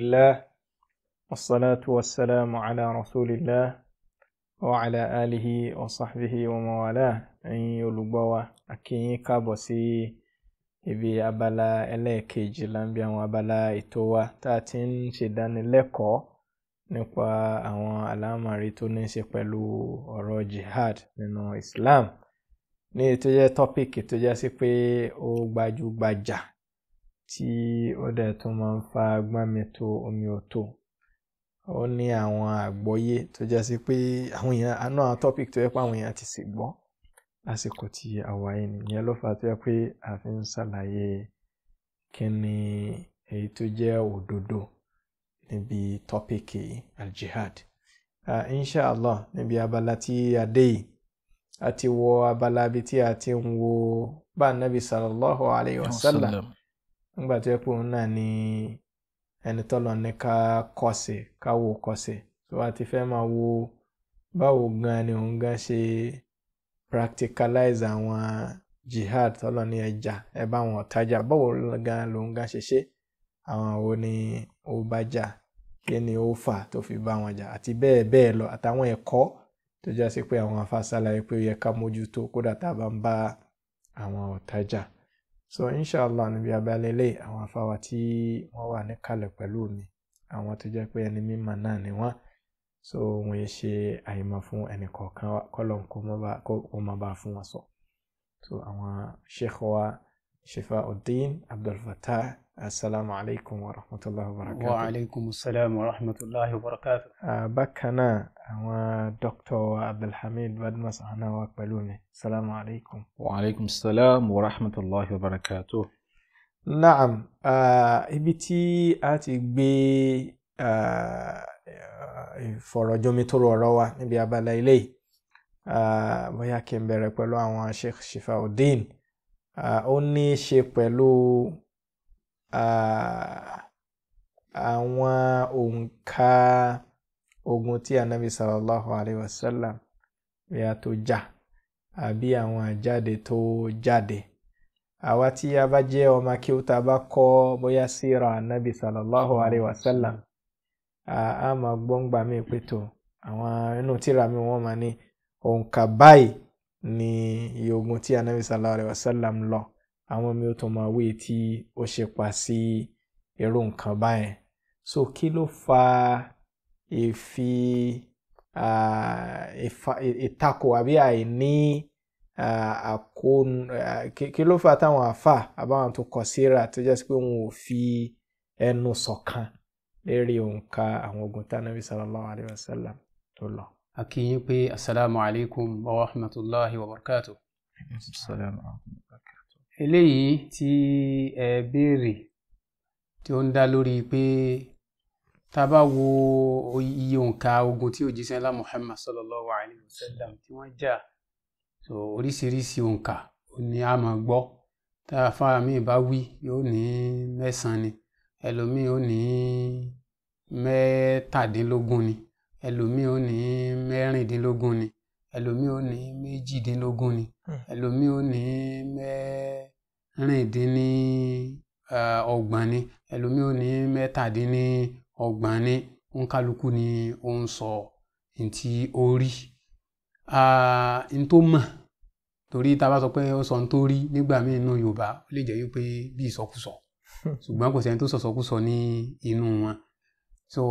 الله والصلاة والسلام على رسول الله وعلى آله وصحبه وموالاه ẹ̀yin olùgbọ́ wa a kí yín káàbọ̀ sí ibi abala ẹlẹ́ẹ̀kejì láńbí àwọn abala ètò wa tá a ti ń ṣèdánilẹ́kọ̀ọ́ nípa àwọn àlámọ̀rí tó ní í ṣe pẹ̀lú ọ̀rọ̀ jihad nínú Islam ní ètò jẹ́ tọ́pìkì tó jẹ́ sí pé ó gbajúgbajà tí ó dẹ̀ tún máa ń fa agbọ́n mi tó omi ò tó ó ní àwọn àgbọ́yé tó jẹ́ sí pé àwọn èèyàn àná àwọn topic tó yẹ pé àwọn èèyàn ti sì gbọ́ lásìkò tí àwa yìí nìyẹn ló fà tó yẹ pé a fi ń ṣàlàyé kí ni èyí tó jẹ́ òdodo níbi topic yìí aljihad uh, níbi abala tí a dé yìí a ti wọ abala bíi tí a ti ń wo bá anabi sallallahu alayhi wa sallam nígbà tó yẹ pé òun náà ni ẹni tọ́lọ̀ ní ká kọsẹ̀ ká wo kọsẹ̀ tó wá ti fẹ́ máa wo báwo gan ni òun gan ṣe practicalize àwọn jihad tọ́lọ̀ ní ẹja ẹ bá wọn ọ̀tajà báwo gan lòun gan ṣe ṣe àwọn wo ni ó bá jà kí ni ó fà tó fi bá wọn jà àti bẹ́ẹ̀ bẹ́ẹ̀ lọ àtàwọn ẹ̀kọ́ tó já sí pé àwọn afásálà yìí pé ó yẹ ká mójútó kódà tá a bá ń bá àwọn ọ̀tajà so inshallah níbi abalẹ̀ lè àwọn afáwa tí wọ́n wà níkàlẹ̀ pẹ̀lú mi àwọn tó jẹ́ pé ẹni mímọ̀ náà ni wọ́n so wọ́n yẹ ṣe àyèmọ̀ fún ẹnì kọ̀ọ̀kan kọ́lọ̀n kó má bàa fún wọn sọ so àwọn sheikh wa Shifauddin Abdulfatah asalaamu alaykum wa rahmatulahi wa barakatu. wa alaykum salaam wa rahmatulahi wa barakatu. Ah, bákan náà àwọn dr abdulhamid badmus àná wa pẹ̀lú mi salaamu alaykum. wa alaykum salaam wa rahmatulahi wa barakatu. naam ah, ibi tí a ti gbé ah, ìfọ̀rọ̀jomitoro ọ̀rọ̀ wa níbi abala ilé yìí bóyá kí n bẹ̀rẹ̀ pẹ̀lú àwọn sheikh shifaudeen ó ní í ṣe pẹ̀lú àwọn òǹkà ogun tí anabi sallallahu alayhi wa sallam bóyá tó jà àbí àwọn àjáde tó jáde àwa tí a bá jẹ́ ọmọ kí ó ta bá kọ́ bóyá síra anabi sallallahu alayhi wa sallam a máa gbọ́ngbà mí pé tó àwọn inú tíra mi wọ́n máa ní òǹkà báyìí ni iye ogun tí anabi sallallahu alayhi wa sallam lọ àwọn mi ò tún máa wé tí ó ṣe pa sí irú nǹkan báyẹn so kí ló fa ìfi ìtakò àbí àìní àkóónú kí ló fa táwọn àfà àbáwọn tó kọ síra tó jẹ́ sí pé wọn ò fi ẹnu ṣọ̀kan lérí òǹkà àwọn ogun tánàbí sallallahu alayhi wa sallam tó lọ. a kí yín pé asalaamualeykum wa rahmatulahi wa barakatuh eléyìí tí ẹ béèrè tí ó ń dá lórí pé tá bá wo iye òǹkà ogun tí òjíṣẹ́ ńlá Muhammad sallallahu alayhi wa sallam tí wọ́n jà so oríṣiríṣi òǹkà ni a máa gbọ́ tá a fara mi bá wí yóò ní mẹ́sàn-án ni ẹlòmíì ó ní mẹ́tàdínlógún ni ẹlòmíì ó ní mẹ́rìndínlógún ni ẹlòmíì ó ní méjìdínlógún ni hmm. ẹlòmíì ó ní mẹ́ẹ́ rìndínní ọgbọ̀n ni ẹlòmíì ò ní mẹ́tàdínní ọgbọ̀n ni òǹkálukú ni ó ń sọ ntí ó ntó mọ̀ torí tá a bá sọ pé ó sọ ntó rí nígbà míì nínú Yorùbá ó lè jẹ́ wípé bí ìsọkúsọ ṣùgbọ́n kò sẹ́ni tó sọ̀sọ́kúsọ ní inú wọn so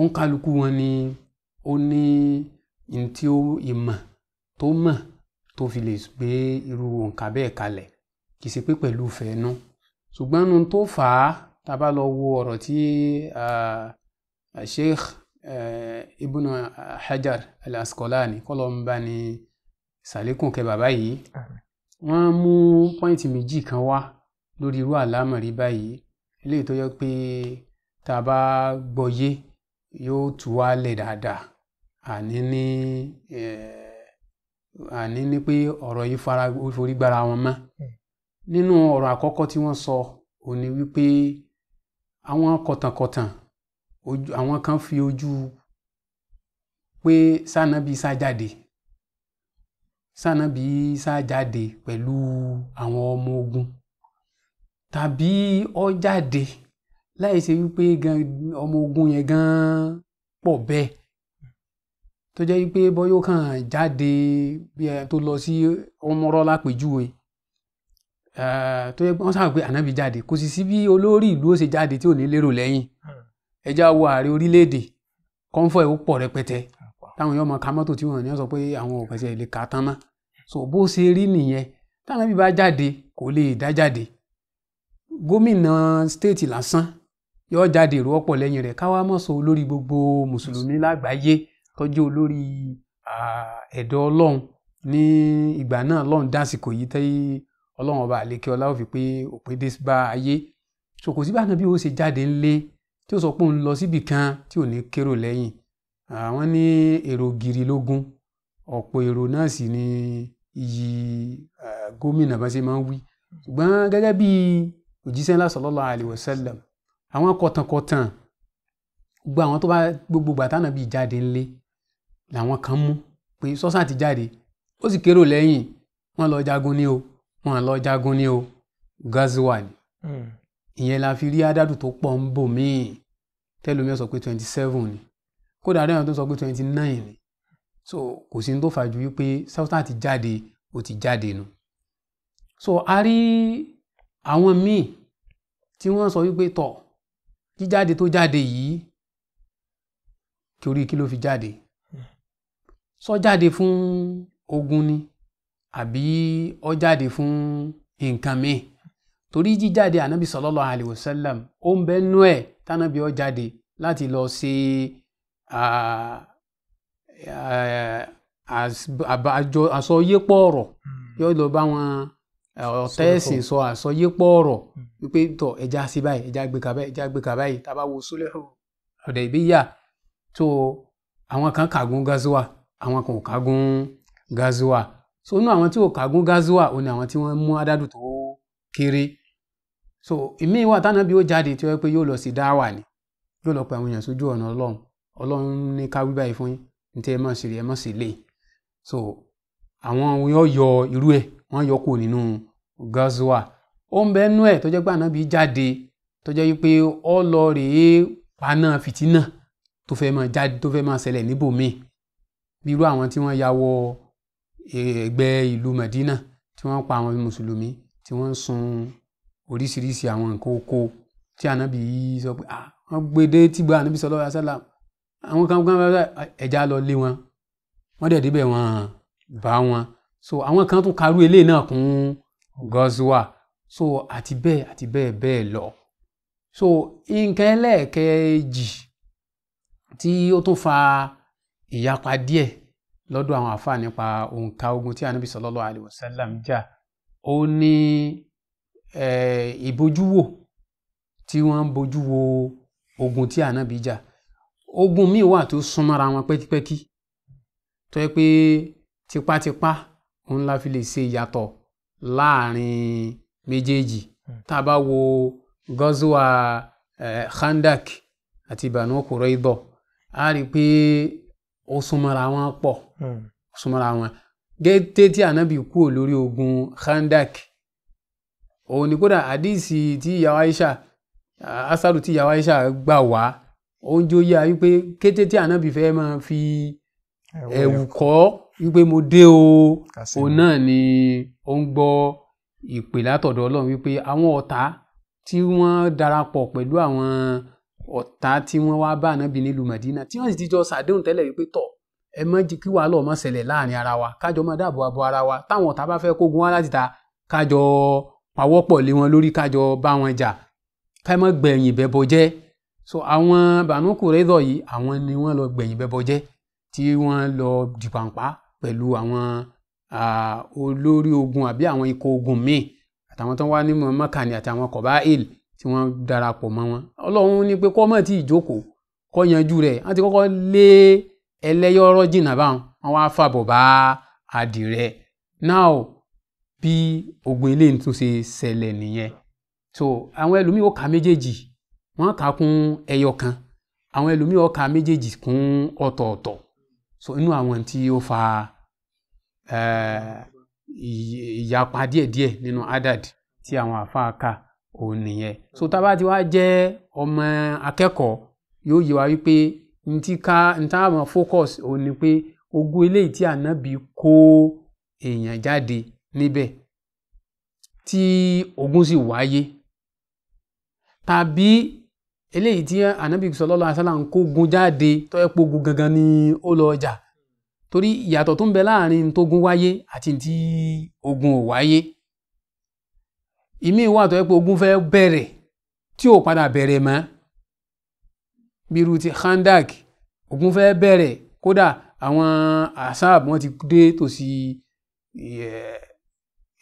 òǹkálukú wọn ni ó ní ntí ó ìmọ̀ tó mọ̀ tó fi lè gbé irú òǹkà bẹ́ẹ̀ kalẹ̀ kì í ṣe pé pẹ̀lú ìfẹ́ inú ṣùgbọ́n nu tó fà á tá a bá lọ wo ọ̀rọ̀ tí Sheikh Ibn Hajar Al-Asqalani kọlọmba ni sàlékùn kẹ bàbá yìí wọ́n mú pọ́ìntì méjì kan wá lórí irú àlámọ̀rí báyìí eléyìí tó yẹ pé tá a bá gbọ́yé yóò tú wá lẹ̀ dáadáa àní ní àní ní pé ọ̀rọ̀ yìí forí gbára wọn mọ́. Hmm nínú ọ̀rọ̀ àkọ́kọ́ tí wọ́n sọ ò ní wípé àwọn kọ̀tànkọ̀tàn àwọn kan fi ojú pé sànàbí sájáde sànàbí sájáde pẹ̀lú àwọn ọmọ ogun tàbí ó jáde láì ṣe wípé ọmọ ogun yẹn gan pọ̀ bẹ́ẹ̀ tó jẹ́ wípé bọ́yọ̀ kan jáde tó lọ sí ọmọrọ́ lápèjúwe. Si tó yẹ pé wọ́n sábà pé ànábì jáde kò sì sí bí olórí ìlú ó ṣe jáde tí ò ní lérò lẹ́yìn hmm. ẹja wo ààrẹ orílẹ̀-èdè kọ́ńfọ̀ ẹ̀ ó pọ̀ rẹpẹtẹ táwọn yóò mọ ká mọ́tò tí wọ́n ní sọ pé àwọn òkàṣẹ́ lè kà tán mọ́ so bó ṣe rí nìyẹn tánábì bá jáde kò lè dá jáde gómìnà stéètì lásán yóò jáde ìró ọ̀pọ̀ lẹ́yìn rẹ̀ káwá mọ̀ sọ olórí gbogbo mùsùlùmí lágbàáyé tọ́jú olórí ẹ̀dọ́ ọlọ́run ní ìgbà náà ọlọ́run dásìkò yìí tẹ́yìí ọlọ́run ọba àlékè ọlá ó fi pé òpin dé bá ayé so kò sí bá nàbí ó ṣe jáde ńlé tí ó sọ pé òun lọ síbì kan tí ò ní kérò lẹ́yìn àwọn ní èrò gírí lógún ọ̀pọ̀ èrò náà sì ni iyì gómìnà bá ṣe máa ń wí ṣùgbọ́n gẹ́gẹ́ bí òjíṣẹ́ ńlá sallallahu alaihi wasallam àwọn kọ̀tànkọ̀tàn gbogbo àwọn tó bá gbogbo bàtà náà jáde ńlé làwọn kan mú pé sọ́sà ti jáde ó sì kérò lẹ́yìn wọ́n lọ jagun ní o wọn lọ jagun ní o gaziwa ni hmm. ìyẹn la fi rí adádù tó pọ̀ ń bò míì tẹ́lómi sọ pé twenty seven ni kódà rẹ́yìn tó sọ pé twenty nine ni so kò sí ní tó fàájú wípé Sultan ti jáde ó ti jáde nu so a rí àwọn míì tí wọ́n sọ wípé tọ̀ jíjáde tó jáde yìí torí kí ló fi jáde hmm. sọ jáde fún ogun ni àbí ó jáde fún nǹkan míì torí jíjáde ànábì sallallahu alayhi wa sallam ó ń bẹ nú ẹ̀ tánábì ó jáde láti lọ ṣe àsọyépọ̀ ọ̀rọ̀ hmm. yóò lọ bá wọn ọ̀tá ẹ̀sìn sọ àsọyépọ̀ ọ̀rọ̀ hmm. wípé tọ̀ ẹja sí báyìí ẹja gbé kàbáyìí ẹja gbé kàbáyìí tábà wo sólẹ́hùn ọ̀dẹ̀ ìbíyà tó àwọn kan kàgún gazuwa àwọn kan ò kàgún gazuwa so inú àwọn tí ò kàgún gazuwa òun àwọn tí wọn mú adádù tó kéré so ìmíì wà tánà bí ó jáde tí ó pé yóò lọ sí dáwà ni yóò lọ pe àwọn èèyàn sójú ọ̀nà ọlọ́run ọlọ́run ní ká báyìí fún yín ní ẹ so àwọn yóò yọ irú ẹ wọn yọ nínú ó ń ẹ tó pé jáde tó lọ rèé paná fìtínà tó fẹ́ máa jáde tó fẹ́ máa ṣẹlẹ̀ níbòmíì ya ẹgbẹ́ ìlú Medina tí wọ́n pa àwọn mùsùlùmí tí wọ́n ń sun oríṣiríṣi àwọn nǹkan oko tí ànábì yìí sọ pé ah wọ́n gbé dé tìgbà ànábì sọlọ́ àṣàlà àwọn kan kan ẹja lọ lé wọn wọ́n dẹ̀ débẹ̀ wọ́n bá wọn so àwọn kan tún karú eléyìí náà kún gọ́sùwà so àti bẹ́ẹ̀ àti bẹ́ẹ̀ bẹ́ẹ̀ lọ so nǹkan ẹlẹ́ẹ̀kejì tí ó tún fa ìyapa díẹ̀ lọ́dọ̀ àwọn àfáà nípa òǹkà ogun tí anábì sallallahu alaihi wasallam jà ó ní ìbojúwò tí wọ́n ń bojú wo ogun tí anábì jà ogun míì wà tó súnmọ́ra wọn pẹ́kípẹ́kí tó yẹ pé tipátipá òun la fi lè ṣe ìyàtọ̀ láàrin méjèèjì hmm. tá a bá wo gọ́zùwà khandak àti Banu Qurayza a rí i pé ó súnmọ́ra wọn pọ̀ hmm. ó súnmọ́ra wọn gẹ́tẹ́ tí ànábì kú lórí ogun khandak òun ni kódà àdìsí tí ìyàwó Aisha asaru tí ìyàwó Aisha gbà wá ó jó yá wípé kété tí ànábì fẹ́ máa fi ẹ̀wù kọ́ wípé mo dé o òun náà ni ó ń gbọ́ ìpè látọ̀dọ̀ Ọlọ́run wípé àwọn ọ̀tá tí wọ́n darapọ̀ pẹ̀lú àwọn ọ̀tá tí wọ́n wá bá ànábì nílùú Madina tí wọ́n sì ti jọ sàdéhùn tẹ́lẹ̀ wípé tọ̀ ẹ mọ́ kí wàhálà ọmọ ṣẹlẹ̀ láàrin ara wa kájọ máa dáàbò abo ara wa táwọn ọ̀tá bá fẹ́ kógun wá láti ta kájọ pawọ́pọ̀ lé wọn lórí kájọ bá wọn jà ká mọ́ gbẹ̀yìn bẹ́bọ jẹ́ so àwọn Banu Qurayza yìí àwọn ni wọ́n lọ gbẹ̀yìn bẹ́bọ jẹ́ tí wọ́n lọ dìpàǹpá pẹ̀lú àwọn olórí ogun àbí àwọn ikọ̀ ogun míì àtàwọn tó wá ní mọ̀ọ́mọ́kàní àtàwọn kọ̀báìlì tí wọ́n darapọ̀ mọ́ wọn ọlọ́run ní pé kọ́ mọ̀ tí ìjókòó kọ́ yanjú rẹ̀ wọ́n ti kọ́kọ́ lé ẹlẹ́yọ̀rọ̀ jìnnà báwọn wọ́n wá fàbọ̀ bá àdìrẹ náà bí ogun ilé tún ṣe ṣẹlẹ̀ nìyẹn so àwọn ẹlòmíì ó ka méjèèjì wọ́n kà kún ẹyọ kan àwọn ẹlòmíì ó méjèèjì kún ọ̀tọ̀ọ̀tọ̀ so inú àwọn tí ó fa eh, ìyapa díẹ̀díẹ̀ nínú adad tí àwọn àfa kà. òun nìyẹn hmm. so tá a bá ti wá jẹ́ ọmọ wipe yóò yẹ wá wípé ntí ká ntá àwọn focus òun ni pé ogun eléyìí tí ànábì kó èèyàn jáde níbẹ̀ tí ogun sì wáyé tàbí eléyìí tí ànábì sallallahu alaihi wasallam ń kó gun jáde tó yẹ ogun gangan ni ó lọ jà torí ìyàtọ̀ tó ń bẹ láàrin tógun wáyé àti tí ogun ò wáyé ìmí wà tó yẹ pé ogun fẹ́ bẹ̀rẹ̀ tí ò padà bẹ̀rẹ̀ mọ́ bírú ti Khandak ogun fẹ́ bẹ̀rẹ̀ kódà àwọn asab wọ́n ti dé tòsí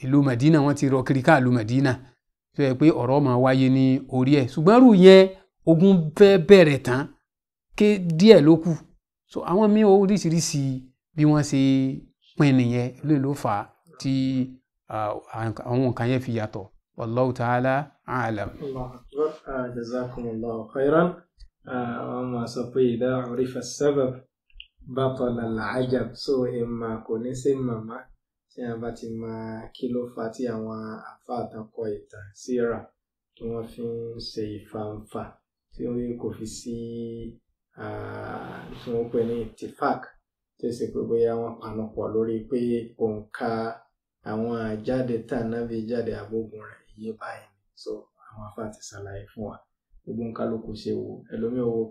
ìlú Madina wọ́n ti rọ kiri ká ìlú Madina tó yẹ pé ọ̀rọ̀ máa wáyé ní orí ẹ̀ ṣùgbọ́n rú yẹn ogun fẹ́ bẹ̀rẹ̀ tán ké díẹ̀ ló kù so àwọn míì oríṣiríṣi bí wọ́n ṣe pin nìyẹn ló ló fà á tí àwọn nǹkan yẹn fi yàtọ̀ wallahu ta'ala a'lam. Ah, jazakumullahu khairan àwọn máa sọ pé idha urifa sabab batala al-ajab so ìmọ̀ kò ní sí màmá tí a bá ti máa kí ló fa tí àwọn àfa àtàkọ ìtàn síra tí wọ́n fi ń ṣe ìfàǹfà tí ó kò fi sí tí wọ́n pè ní tifak tí ó sì pé bóyá wọ́n panupọ̀ lórí pé òǹkà àwọn àjáde tá nábì jáde àbógun rẹ̀ yé báyìí so àwọn afá ti ṣàlàyé fún wa gbogbo nǹkan ló kò ṣe wò ẹlòmíì owó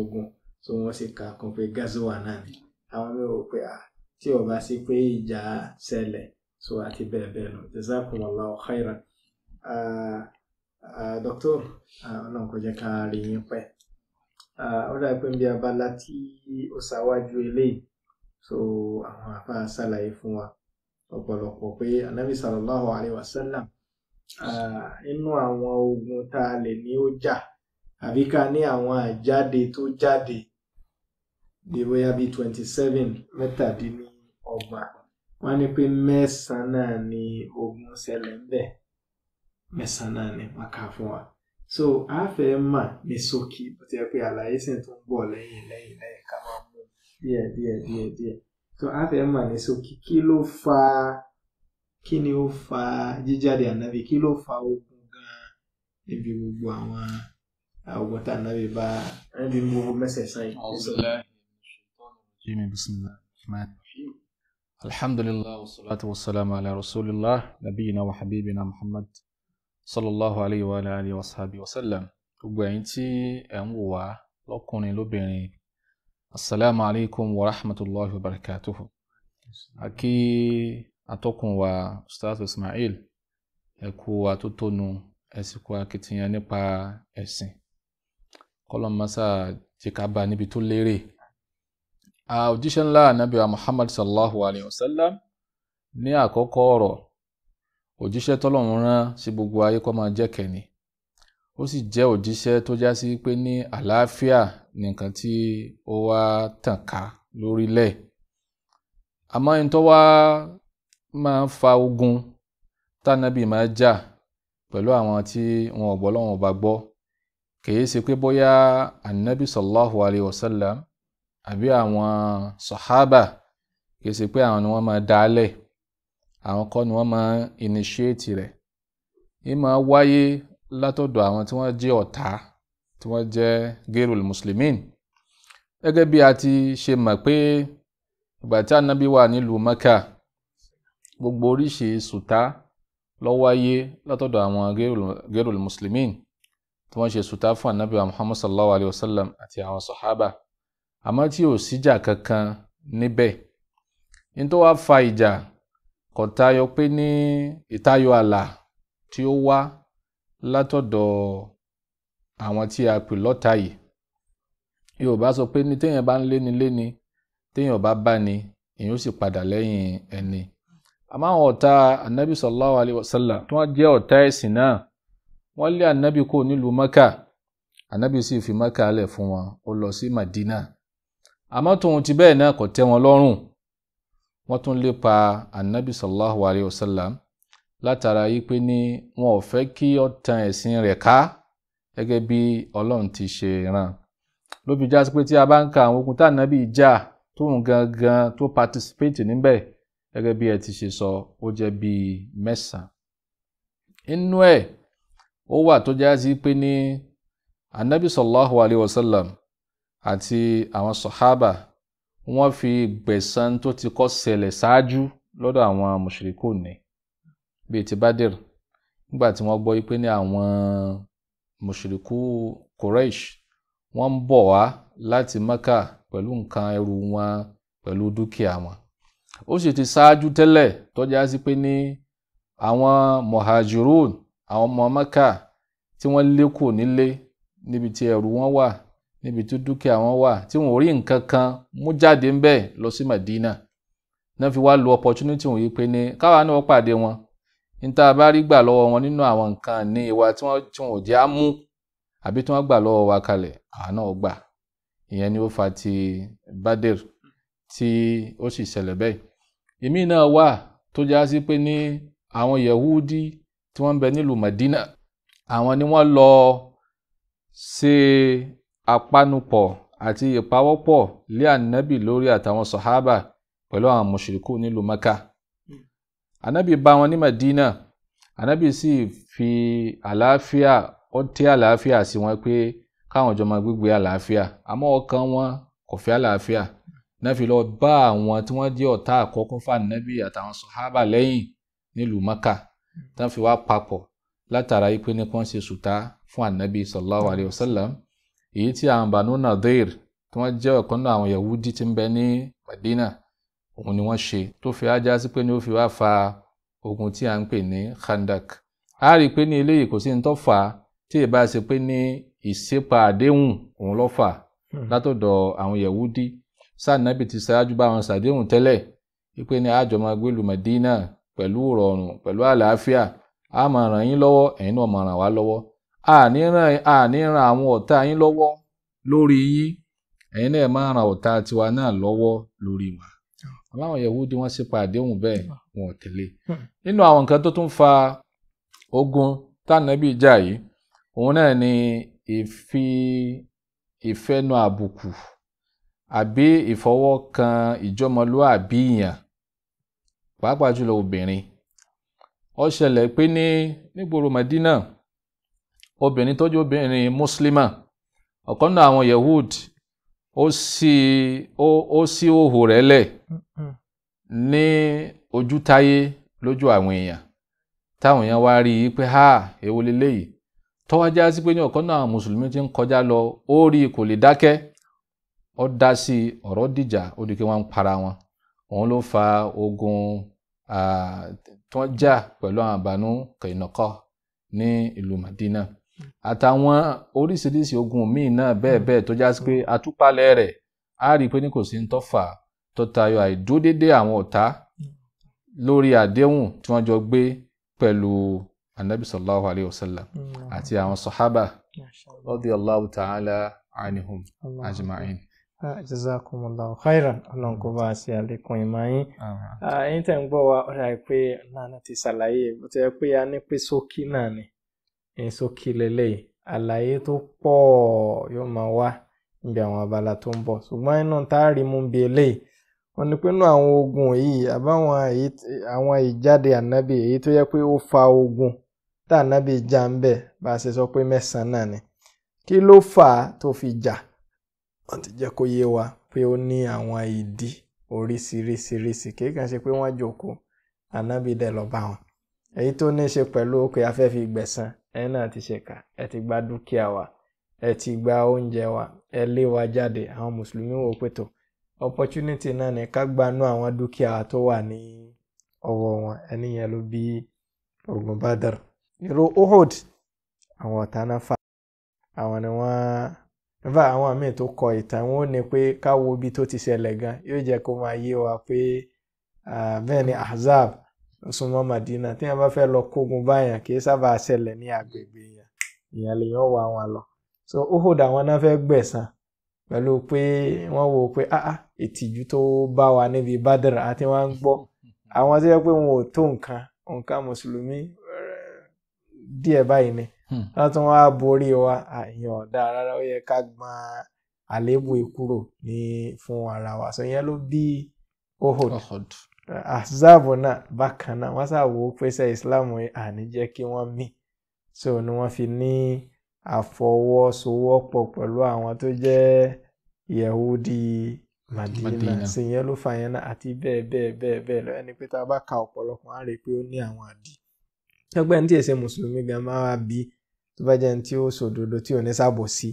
ogun so wọ́n sì ka kan pé gazuwa náà ni àwọn mi ò pé à tí ò bá sí pé ìjà ṣẹlẹ̀ so àti bẹ́ẹ̀ bẹ́ẹ̀ lọ jazakumullahu khairan doctor ọlọ́run kò jẹ́ ká rí yín pẹ́ ó dàbí pé níbi abala tí ó ṣáwájú eléyìí so àwọn afá ṣàlàyé fún wa ọ̀pọ̀lọpọ̀ pé anabi sallallahu alayhi wa sallam nínú ah, ah, àwọn ogun tá a lè ní ó jà àbí ká ní àwọn àjáde tó jáde bí bóyá bíi twenty seven mẹ́tàdínlọ́gbọ̀n wọ́n ní pé mẹ́sàn-án ni ogun ṣẹlẹ̀ ń bẹ̀ mẹ́sàn-án ni wọ́n kà fún wa so a fẹ́ mà ní ṣókí bó ti yẹ pé àlàyé sì tún bọ̀ lẹ́yìn lẹ́yìn lẹ́yìn ká máa mú díẹ̀ díẹ̀ díẹ̀ díẹ̀ so a fẹ́ mà ní ṣókí kí ló fà kí ni ó fa jíjáde ànábì kí ló fa ogun gan-an níbi gbogbo àwọn ogun tá ànábì bá. níbi gbogbo mẹ́sẹ̀ẹ̀sán yìí. bismillah rahman rahim alhamdulillah wasalaatu wasalaamu ala rasulillah nabiyina wa habibina muhammad sallallahu alayhi wa alihi wa sahabi wa sallam gbogbo ẹ̀yin tí ẹ ń wò wá lọ́kùnrin lóbìnrin asalaamu alaykum wa rahmatulahi wa barakatuhu. Aki atọ́kùn wa Ustaz Ismail ẹ kú atótónu ẹ sì kú akitiyan nípa ẹ̀sìn kọlọmọsá jìkàbá níbi tó lérè òjíṣẹ́ ńlá ànábì wa Muhammad sallallahu alayhi wa sallam ní àkọ́kọ́ ọ̀rọ̀ òjíṣẹ́ tọ́lọ́run rán sí gbogbo ayé kó máa jẹ́ kẹ́ni ó sì jẹ́ òjíṣẹ́ tó já sí pé ní àlàáfíà nìkan tí ó wá tàn ká lórílẹ̀ àmọ́ ẹni tó wá máa ń fa ogun tánàbì máa jà pẹ̀lú àwọn tí wọn ò gbọ́ lọ́wọ́n ọba gbọ́ kìí ṣe pé bóyá anabi sallallahu alayhi wa sallam àbí àwọn sahaba kìí ṣe pé àwọn ni wọ́n máa dálẹ̀ àwọn kọ́ ni wọ́n máa initiate rẹ̀ yìí máa wáyé látọ̀dọ̀ àwọn tí wọ́n jẹ́ ọ̀tá tí wọ́n jẹ́ gerul muslimin gẹ́gẹ́ bí a ti ṣe mọ̀ pé ìgbà tí anabi wà nílùú maka gbogbo oríṣi sùtá ló wáyé látọ̀dọ̀ àwọn gẹ́rùl muslimin tí wọ́n ṣe sùtá fún anabi muhammad sallallahu alayhi wa sallam àti àwọn sahaba àmọ́ tí ò síjà kankan níbẹ̀ nítorí wàá fa ìjà kò tayọ pé ní ìtayọ àlà tí ó wá látọ̀dọ̀ àwọn tí a pè lọ́tà yìí yorùbá sọ pé ní téèyàn bá ń léni léni téèyàn bá bá ni èèyàn ó sì padà lẹ́yìn ẹni. E àmọ́ àwọn ọ̀tá anabi sallallahu alayhi wa sallam tí wọ́n jẹ́ ọ̀tá ẹ̀sìn náà wọ́n lé anabi kó nílùú maka anabi sì fi maka alẹ̀ fún wọn ó lọ sí madina àmọ́ tóun ti bẹ́ẹ̀ náà kò tẹ́ wọn lọ́rùn wọ́n tún lépa anabi sallallahu alayhi wa sallam látara yìí pé ní wọn ò fẹ́ kí ó tan ẹ̀sìn rẹ̀ ká gẹ́gẹ́ bí ọlọ́run ti ṣe rán ló fi pé tí a bá ń ka àwọn ogun tá anabi jà tóun gangan tó participate níbẹ̀ gẹ́gẹ́ bí ẹ ti ṣe sọ ó jẹ́ bíi mẹ́sàn-án inú ẹ̀ ó wà tó já sí pé ní anabi sallallahu alayhi wa sallam àti àwọn sahaba wọ́n fi gbẹ̀san tó ti kọ́ ṣẹlẹ̀ ṣáájú lọ́dọ̀ àwọn mùṣírikù ní bíi ti Badir nígbà tí wọ́n gbọ́ pé ní àwọn mùṣírikù Quraysh wọ́n ń bọ̀ wá láti Mẹ́kà pẹ̀lú nǹkan ẹrù wọn pẹ̀lú dúkìá wọn ó sì ti ṣáájú tẹ́lẹ̀ tọ́já sí pé ní àwọn mohajirun àwọn ọmọ mẹ́kà tí wọ́n lé kù nílé níbi tí ẹrù wọn wà níbi tí dúkìá wọn wà tí wọn ò rí nǹkan kan mú jáde ń bẹ̀ lọ sí Madina náà fi wá lo opportunity wọn yìí pé ní káwa náà pàdé wọn níta bá rí gbà lọ́wọ́ wọn nínú àwọn nǹkan ní ìwà tí wọ́n tí wọn ò jẹ́ á mú àbí tí wọ́n gbà lọ́wọ́ wa kalẹ̀ àánú ọgbà ìyẹn ni ó fa ti Badir tí ó sì ṣẹlẹ̀ bẹ́ẹ̀. ìmí náà wà tó já sí pé ní àwọn yahudi tí wọ́n ń bẹ nílùú Madina àwọn ni wọ́n lọ ṣe àpanupọ̀ àti ìpawọ́pọ̀ lé ànábì lórí àtàwọn sọ̀hábà pẹ̀lú àwọn mùṣìríkù nílùú Maka. Hmm. ànábì bá wọn ní Madina ànábì sì fi àlàáfíà ó tẹ àlàáfíà sí wọn pé káwọn jọ máa gbégbé àlàáfíà àmọ́ ọkàn wọn kò fẹ́ àlàáfíà náà fi lọ bá àwọn tí wọ́n jẹ́ ọ̀tá àkọ́kọ́ fànàbí àtàwọn sọ̀hábà lẹ́yìn nílùú maka tán fi wá papọ̀ látara ipe ní kàn ṣe sùtá fún ànábì sallallahu alayhi wa sallam èyí tí àwọn Banu Nadir tí wọ́n jẹ́ ọ̀kan náà àwọn Yahudi tí ń bẹ ní Madina òun ni wọ́n ṣe tó fi ajá sí pé ní ó fi wá fa ogun tí a ń pè ní Khandak a rí i pé ní eléyìí kò sí ní tó fà á tí ì ṣe pé ní ìṣèpà òun ló hmm. látọ̀dọ̀ àwọn Yahudi sànàbì ti ṣáájú bá wọn ṣàdéhùn tẹ́lẹ̀ wípé ní àjọ máa Medina lùmọ̀dínà pẹ̀lú ìrọ̀rùn pẹ̀lú àlàáfíà a máa ràn yín lọ́wọ́ ẹ̀yin náà máa ràn wá lọ́wọ́ àní ran àwọn ọ̀tá yín lọ́wọ́ lórí yín ẹ̀yin náà máa ràn ọ̀tá tiwa náà lọ́wọ́ lórí wa aláwọn Yahudi wọ́n sì pa àdéhùn bẹ́ẹ̀ wọn ò tẹ̀lé nínú àwọn nǹkan tó tún fa ogun tànàbì jà yìí òun náà ni ìfi ìfẹ́nu àbùkù àbí ìfọwọ́kan ìjọmọlúàbí yàn pàápàá jùlọ obìnrin ó ṣẹlẹ̀ pé ní nígboro Madina obìnrin tọ́jú obìnrin mùsùlùmá ọ̀kan náà àwọn Yehud ó sì ó ó sì òhò rẹ̀ lẹ̀ mm-hmm. ní ojú táyé lójú àwọn èèyàn táwọn èèyàn wá rí i pé ha èwo leléyìí tọ́wájá sí pé ní ọ̀kan náà àwọn mùsùlùmí ti ń kọjá lọ ó rí i kò lè dákẹ́ ó dá sí ọ̀rọ̀ dìjà ó di pé wọ́n ń para wọn òun ló fa ogun tó ń jà pẹ̀lú àwọn àbánú kẹ̀nọ́kọ́ ní ìlú Madina àtàwọn oríṣiríṣi ogun míì náà bẹ́ẹ̀ bẹ́ẹ̀ tó já sí pé àtúpalẹ̀ rẹ̀ á rí i pé ní kò sí ń tọ́fà tó tayọ àìdúródédé àwọn ọ̀tá lórí àdéhùn tí wọ́n jọ gbé pẹ̀lú anabi sallallahu alayhi wa sallam àti àwọn sahaba radiyallahu ta'ala anihum ajma'in jazakumullahu khairan ọlọ́run kó bá a ṣe àlékún ìmọ̀ yín ẹ̀yin tẹ́ ń gbọ́ wa ó dàbí pé nana ti ṣàlàyé bó ti yẹ pé a ní pé sókí náà ni ẹ̀ sókí lélẹ́yìí àlàyé tó pọ̀ yóò máa wá níbi àwọn abala tó ń bọ̀ ṣùgbọ́n iná tá a rí mú bí eléyìí wọ́n ní pé nínú àwọn ogun yìí àbáwọn àwọn ìjáde ànábì èyí tó yẹ pé ó fa ogun tá ànábì já ń bẹ̀ bá a ṣe sọ pé mẹ́sàn ni kí ló fà á tó fi jà ja? wọ́n ti jẹ́ kó yé wa pé ó ní àwọn ìdí oríṣiríṣiríṣi kì í kàn ṣe pé wọ́n jókòó ànábì dẹ̀ lọ bá wọn èyí tó ní ṣe pẹ̀lú pé a fẹ́ fi gbẹ̀san ẹ̀yin náà ti ṣe kà ẹ ti gba dúkìá wa ẹ ti gba oúnjẹ wa ẹ lé wa jáde àwọn mùsùlùmí wò pé tó opportunity náà ni ká gbanú àwọn dúkìá tó wà ní ọwọ́ wọn ẹni yẹn ló bí ogun Badr irú Uhud àwọn ọ̀tá náà fà àwọn ni wọ́n. nfa àwọn míì tó kọ ìtàn wọn ò ní pé ká wo ibi tó ti ṣẹlẹ̀ gan yóò jẹ́ kó máa yé wa pé bẹ́ẹ̀ ni Ahzab súnmọ́ Madina tí wọ́n bá fẹ́ lọ kógun báyàn kì í sábà ṣẹlẹ̀ ní agbègbè yẹn ìyẹn lè yàn wá wọn lọ so Uhud àwọn náà fẹ́ gbẹ̀san pẹ̀lú pé wọ́n wo pé ah ah ìtìjú tó bá wa níbi Badr àti wọ́n ń gbọ́ àwọn tó yẹ pé wọn ò tó nǹkan nǹkan mùsùlùmí díẹ̀ báyìí ni wọ́n tún wá borí wa àyàn ọ̀dà rárá ó yẹ ká gbọ́n àléébù kúrò ní fún ara wa sọ yẹn ló bí ohod azabu náà bákan náà wọ́n ṣàwò pèsè islam àní jẹ́ kí wọ́n mí so ni wọ́n fi ní àfọwọ́sowọ́pọ̀ pẹ̀lú àwọn tó jẹ́ yehudi madina sì yẹn ló fà yẹn náà àti bẹ́ẹ̀ bẹ́ẹ̀ bẹ́ẹ̀ bẹ́ẹ̀ lọ ẹni pé tá a bá ka ọ̀pọ̀lọpọ̀ á rè pé ó ní àwọn àdì ẹgbẹ́ ní tí èsè mùsùlùmí gan máa bí tó bá jẹ́ ní tí ó sòdodo tí ò ní ṣàbòsí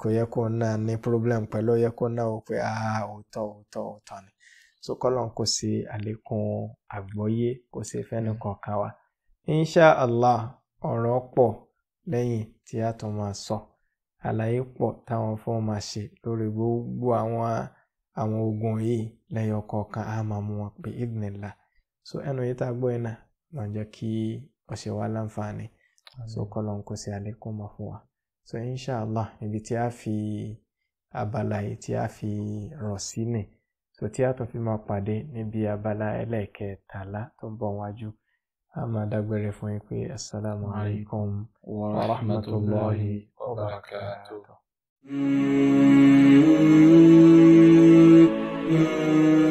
kò yẹ kó náà ní problem pẹ̀lú ó yẹ kó náà ó pé òótọ́ òótọ́ òótọ́ ni so kọ́lọ́n kò ṣe àlékún àgbọ́yé kò ṣe fẹ́ni kọ̀ọ̀kan wa insha allah ọ̀rọ̀ pọ̀ lẹ́yìn tí a tún máa sọ àlàyé pọ̀ táwọn fún máa ṣe lórí gbogbo àwọn àwọn ogun yìí lẹ́yìn ọ̀kọ̀ọ̀kan a máa mú wọn pé idnillah so ẹnu yìí tá a gbọ́ yẹn náà máa kí ó ṣe láǹfààní so kọlọ̀ ń kó sí àlékún mọ́ wa so inshallah ibi tí a fi abala yìí tí a fi rọ̀ sí nì so tí a tún fi máa pàdé níbi abala ẹlẹ́ẹ̀kẹtàlá tó ń bọ̀ wájú a máa dágbére fún yín pé assalamu alaikum wa rahmatulahi wa barakatuh. Mm-hmm. mm-hmm.